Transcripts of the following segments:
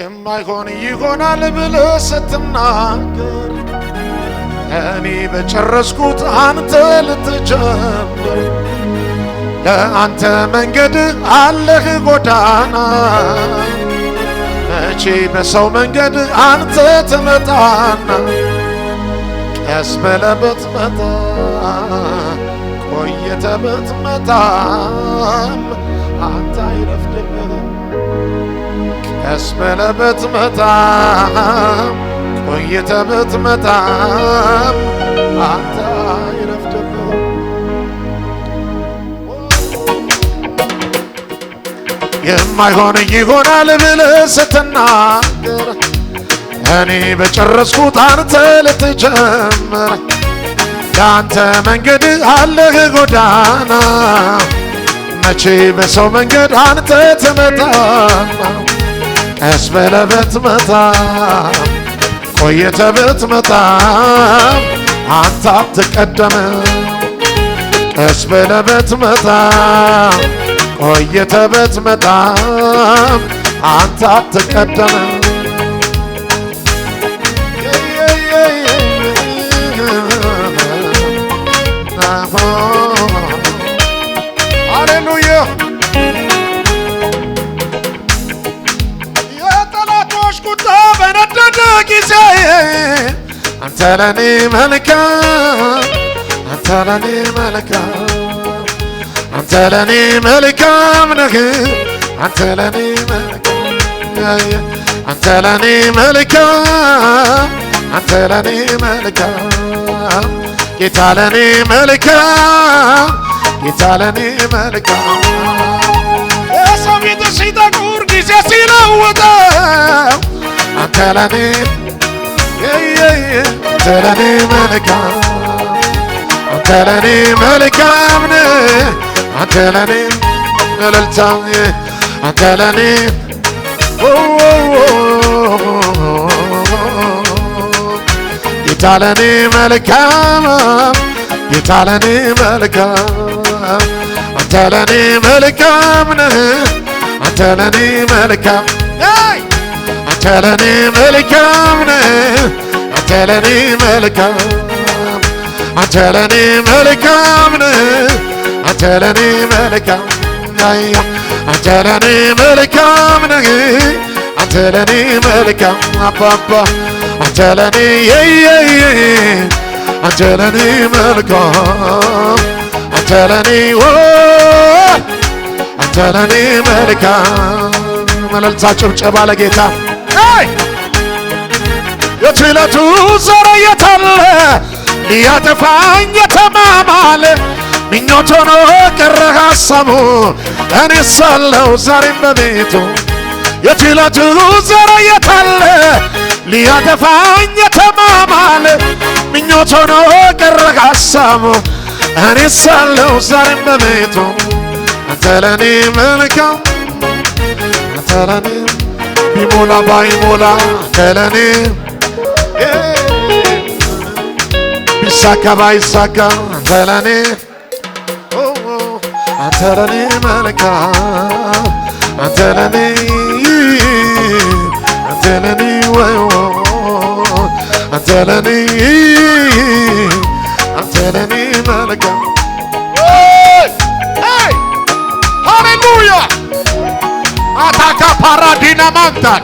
የማይሆን ይሆናል ብለህ ስትናገር እኔ በጨረስኩት አንተ ልትጀምር ለአንተ መንገድ አለህ ጎዳና መቼ በሰው መንገድ አንተ ትመጣና ቀስ ብለህ ብትመጣ ቆይተህ ብትመጣም አንተ አይረፍድብህ እስበለ ብትመጣም ቆይተ ብትመጣም አንተ የማይሆን ይሆናል ብለህ ስትናገር እኔ በጨረስኩት አንተ ልትጀምር ለአንተ መንገድ አለህ ጎዳና መቼ በሰው መንገድ አንተ ትመጣና ቀስ ብለህ ብትመጣ ቆይተህ ብትመጣ አንተ አትቀደምም። ቀስ ብለህ ብትመጣ ቆይተህ ብትመጣ አንተ አትቀደምም። تراني ملكة انت تراني ملكة انت تراني ملكة من غير انت تراني ملكة انت تراني ملكة انت تراني ملكة جيت لاني ملكة جيت لاني ملكة يا سميت الشيطان ورقي سياسي لوطة انت تراني yeah, yeah, yeah. አንተ ለኔ መልካም አንተ ለኔ መልካም ነህ አንተ ለኔ እልልታ አንተ ለኔ ጌታ ለኔ መልካም ጌታ ለኔ መልካም አንተ ለኔ መልካም ነህ አንተ ለኔ መልካም አንተ ለኔ መልካም ነህ አንተ ለኔ መልካም አንተ ለኔ መልካም ነህ አንተ ለኔ መልካም አንተ ለኔ መልካም ነህ አንተ ለኔ መልካም አባባ አንተ ለኔ የየየ አንተ ለኔ መልካም አንተ ለኔ አንተ ለኔ መልካም መለልሳ ጭብጨባ ለጌታ የችለቱ ዘረ የታለ ሊያጠፋኝ የተማማለ ምኞት ሆኖ ቀረ ሐሳቡ እኔ ሳለሁ ዛሬም በቤቱ የችለቱ ዘረ የታለ ሊያጠፋኝ የተማማለ ምኞት ሆኖ ቀረ ሐሳቡ እኔ ሳለሁ ዛሬም በቤቱ አንተ ለእኔ መልካም አንተ ለእኔ ቢሞላ ባይሞላ አንተ ለእኔ ቢሳካ ባይሳካ አንተ ለኔ አንተ ለኔ መልካም አንተ ለኔ አንተ ለኔ ወይ አንተ ለኔ አንተ ለኔ መልካም ሃሌሉያ አታካ ፓራዲና ማንታን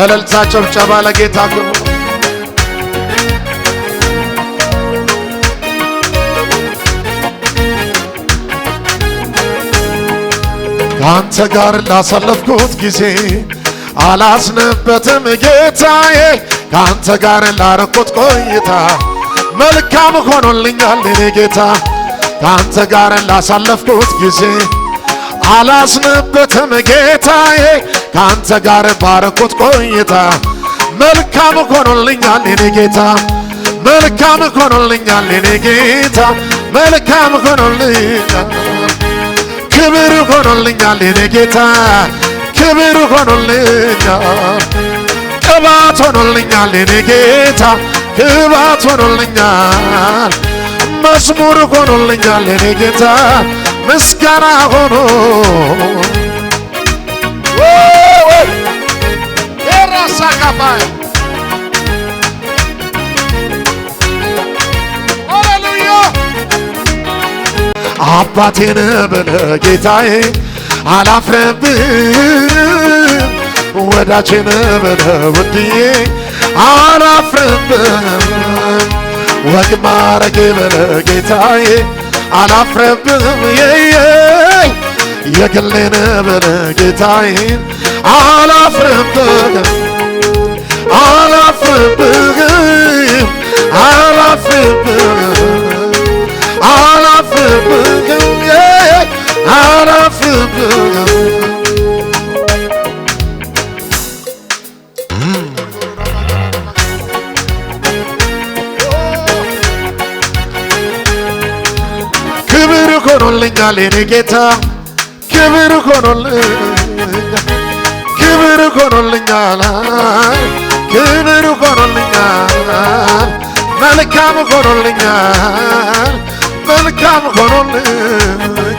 እልልታ ጨብጨባ ለጌታ ክብር። ከአንተ ጋር ላሳለፍኩት ጊዜ አላዝንበትም ጌታዬ፣ ከአንተ ጋር ላረኩት ቆይታ መልካም ሆኖልኛል እኔ ጌታ። ከአንተ ጋር ላሳለፍኩት ጊዜ አላዝንበትም ጌታዬ ከአንተ ጋር ባረኩት ቆይታ መልካም ሆኖልኛል የኔ ጌታ መልካም ሆኖልኛል የኔ ጌታ መልካም ሆኖልኛል ክብር ሆኖልኛል የኔ ጌታ ክብር ሆኖልኛል ቅባት ሆኖልኛል የኔ ጌታ ቅባት ሆኖልኛል መዝሙር ሆኖልኛል የኔ ጌታ ምስጋና ሆኖ አባቴን በለ ጌታዬ አላፍረብም ወዳጄን በለ ውድዬ አላፍረብ ወግ ማረጌ በለ ጌታዬ አላፍረብም የየ የግሌን በለ ጌታዬ አላፍረብም አላፍረብም አላፍረብም Kıvırı konullingaleri geta Kıvırı konullingaleri Kıvırı konullingaleri Kıvırı konullingaleri Melekam konullingaleri Melekam konullingaleri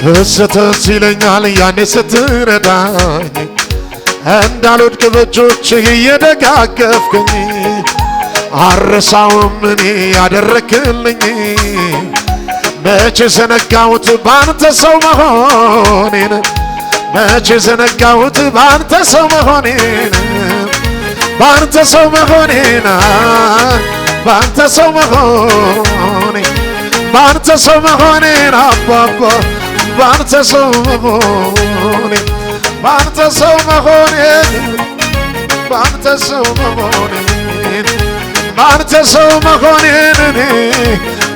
ትስተስ ይለኛል ያኔ ስትረዳኝ እንዳልወድቅ በእጆችህ እየደጋገፍከኝ አረሳውም እኔ ያደረክልኝ መቼ ዘነጋሁት ባንተ ሰው መሆኔን መቼ ዘነጋሁት ባንተ ሰው መሆኔን ባንተ ሰው መሆኔን ባንተ ሰው መሆኔ ባንተ ሰው መሆኔን አባባ בארצה סוממוני בארצה סוממוני בארצה סוממוני בארצה סוממוני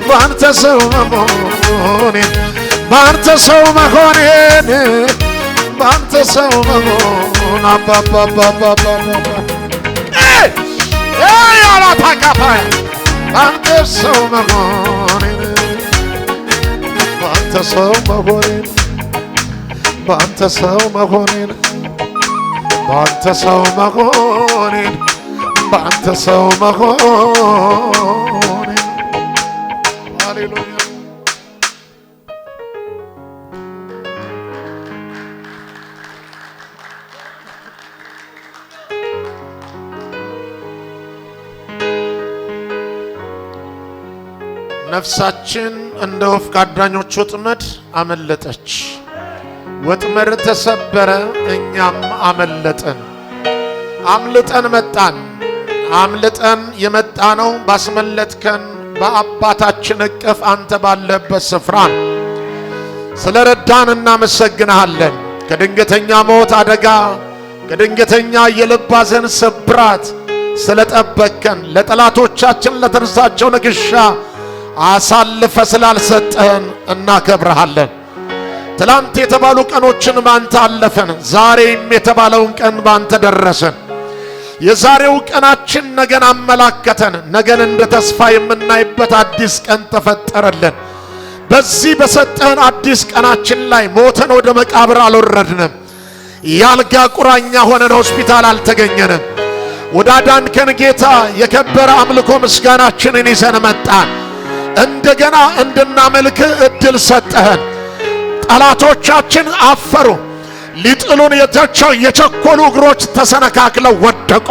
בארצה סוממוני בארצה סוממוני בארצה סוממוני פה פה פה פה פה היי היי יאללה פקה פקה בארצה סוממוני تصومغورين بانت صومغورين بانت صومغورين بانت صومغورين هللويا نفساتشن እንደ ወፍ ከአዳኞች ወጥመድ አመለጠች። ወጥመድ ተሰበረ፣ እኛም አመለጠን አምልጠን መጣን። አምልጠን የመጣ ነው ባስመለጥከን በአባታችን እቅፍ አንተ ባለበት ስፍራ ስለ ረዳን እናመሰግንሃለን። ከድንገተኛ ሞት አደጋ፣ ከድንገተኛ የልብ ሐዘን ስብራት ስለ ጠበቅከን ለጠላቶቻችን ለተርሳቸው ንግሻ አሳልፈ ስላልሰጠህን እናከብረሃለን። ትላንት የተባሉ ቀኖችን ባንተ አለፈን። ዛሬም የተባለውን ቀን ባንተ ደረሰን። የዛሬው ቀናችን ነገን አመላከተን። ነገን እንደ ተስፋ የምናይበት አዲስ ቀን ተፈጠረልን። በዚህ በሰጠህን አዲስ ቀናችን ላይ ሞተን ወደ መቃብር አልወረድንም። ያልጋ ቁራኛ ሆነን ሆስፒታል አልተገኘንም። ወዳዳን ከን ጌታ የከበረ አምልኮ ምስጋናችንን ይዘን መጣን። እንደገና እንድናመልክ እድል ሰጠህን። ጠላቶቻችን አፈሩ። ሊጥሉን የተቸው የቸኮሉ እግሮች ተሰነካክለው ወደቁ።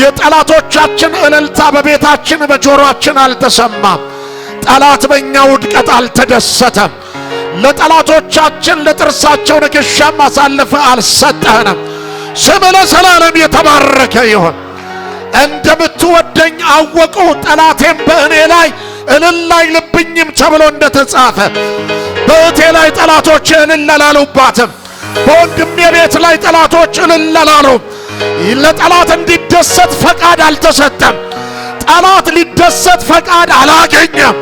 የጠላቶቻችን እልልታ በቤታችን በጆሮአችን አልተሰማም። ጠላት በእኛ ውድቀት አልተደሰተም። ለጠላቶቻችን ለጥርሳቸው ንክሻም አሳልፈ አልሰጠህንም። ስም ለዘላለም የተባረከ ይሁን። እንደምትወደኝ አወቁ፣ ጠላቴም በእኔ ላይ እልል አይልብኝም ተብሎ እንደተጻፈ በእቴ ላይ ጠላቶች እልል አላሉባትም። በወንድሜ ቤት ላይ ጠላቶች እልል ለጠላት እንዲደሰት ፈቃድ አልተሰጠም። ጠላት ሊደሰት ፈቃድ አላገኘም።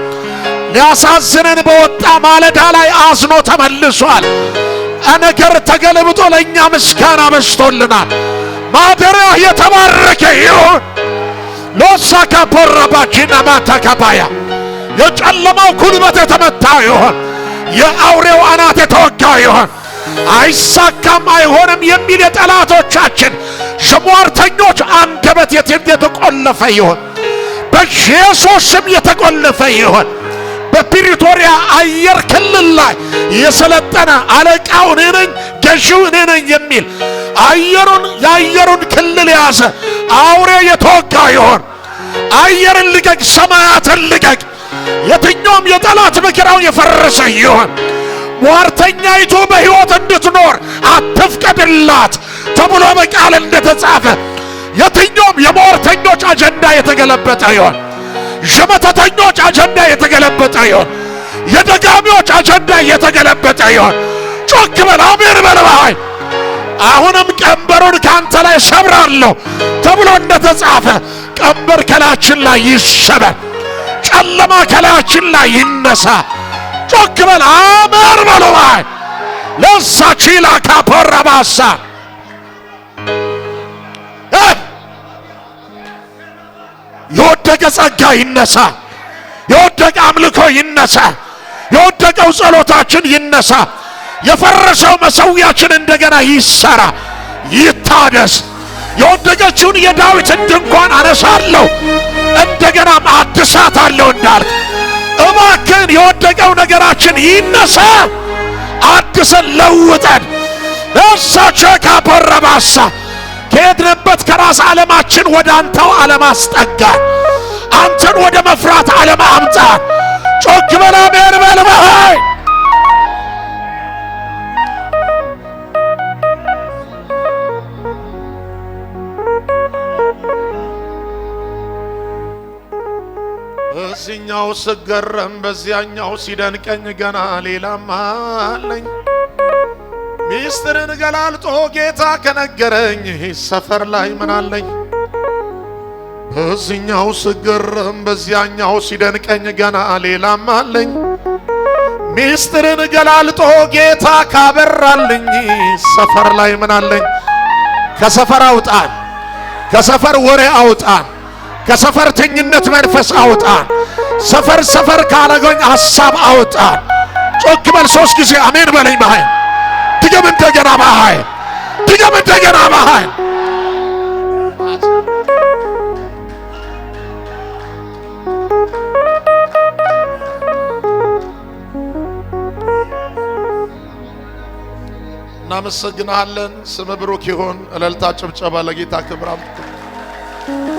ሊያሳዝነን በወጣ ማለዳ ላይ አዝኖ ተመልሷል። ነገር ተገልብጦ ለእኛ ምስጋና በስቶልናል። ማደሪያ የተባረከ ይሁን። ሎሳካ ካፖራባኪና ማታካባያ የጨለማው ጉልበት የተመታ ይሆን፣ የአውሬው አናት የተወጋ ይሆን። አይሳካም አይሆንም የሚል የጠላቶቻችን ሸሟርተኞች አንደበት የተቆለፈ ይሆን፣ በኢየሱስ ስም የተቆለፈ ይሆን። በፕሪቶሪያ አየር ክልል ላይ የሰለጠነ አለቃው እኔ ነኝ፣ ገዢው እኔ ነኝ የሚል አየሩን የአየሩን ክልል የያዘ አውሬ የተወጋ ይሆን። አየርን ልቀቅ፣ ሰማያትን ልቀቅ የትኛውም የጠላት መኪናውን የፈረሰ ይሆን ሟርተኛይቱ በሕይወት እንድትኖር አትፍቀድላት ተብሎ በቃል እንደተጻፈ የትኛውም የሟርተኞች አጀንዳ የተገለበጠ ይሆን፣ የመተተኞች አጀንዳ የተገለበጠ ይሆን፣ የደጋሚዎች አጀንዳ የተገለበጠ ይሆን። ጮክ በል አሜን በል አሁንም ቀንበሩን ካንተ ላይ ሰብራለሁ ተብሎ እንደተጻፈ ቀንበር ከላችን ላይ ይሰበር። ጨለማ ከላያችን ላይ ይነሳ። ጮክ በል አመር ባይ ለሳ ቺላ ካፖራ ባሳ የወደቀ ጸጋ ይነሳ። የወደቀ አምልኮ ይነሳ። የወደቀው ጸሎታችን ይነሳ። የፈረሰው መሠዊያችን እንደገና ይሰራ፣ ይታደስ። የወደቀችውን የዳዊትን ድንኳን አነሳለሁ። እንደገና አድሳት አለው እንዳልክ እባክን የወደቀው ነገራችን ይነሳ፣ አድሰን ለውጠን ቸካ ካበረባሳ ከሄድንበት ከራስ ዓለማችን ወደ አንተው ዓለም አስጠጋ። አንተን ወደ መፍራት ዓለም አምጣ። ጮክ በላ ሜር በልበሃይ በዚህኛው ስገረም በዚያኛው ሲደንቀኝ ገና ሌላም አለኝ። ሚስጥርን ገላልጦ ጌታ ከነገረኝ ሰፈር ላይ ምናለኝ። በዚህኛው ስገረም በዚያኛው ሲደንቀኝ ገና ሌላም አለኝ። ሚስጥርን ገላልጦ ጌታ ካበራልኝ ሰፈር ላይ ምናለኝ። ከሰፈር አውጣን፣ ከሰፈር ወሬ አውጣን። ከሰፈርተኝነት መንፈስ አውጣን። ሰፈር ሰፈር ካለገኝ ሐሳብ አውጣን። ጮክ በል ሶስት ጊዜ አሜን በለኝ። መሀይ ድገም እንደገና፣ መሀይ ድገም እንደገና፣ መሀይ እናመሰግናለን። ስም ብሩክ ይሁን። እልልታ ጭብጨባ ለጌታ ክብራም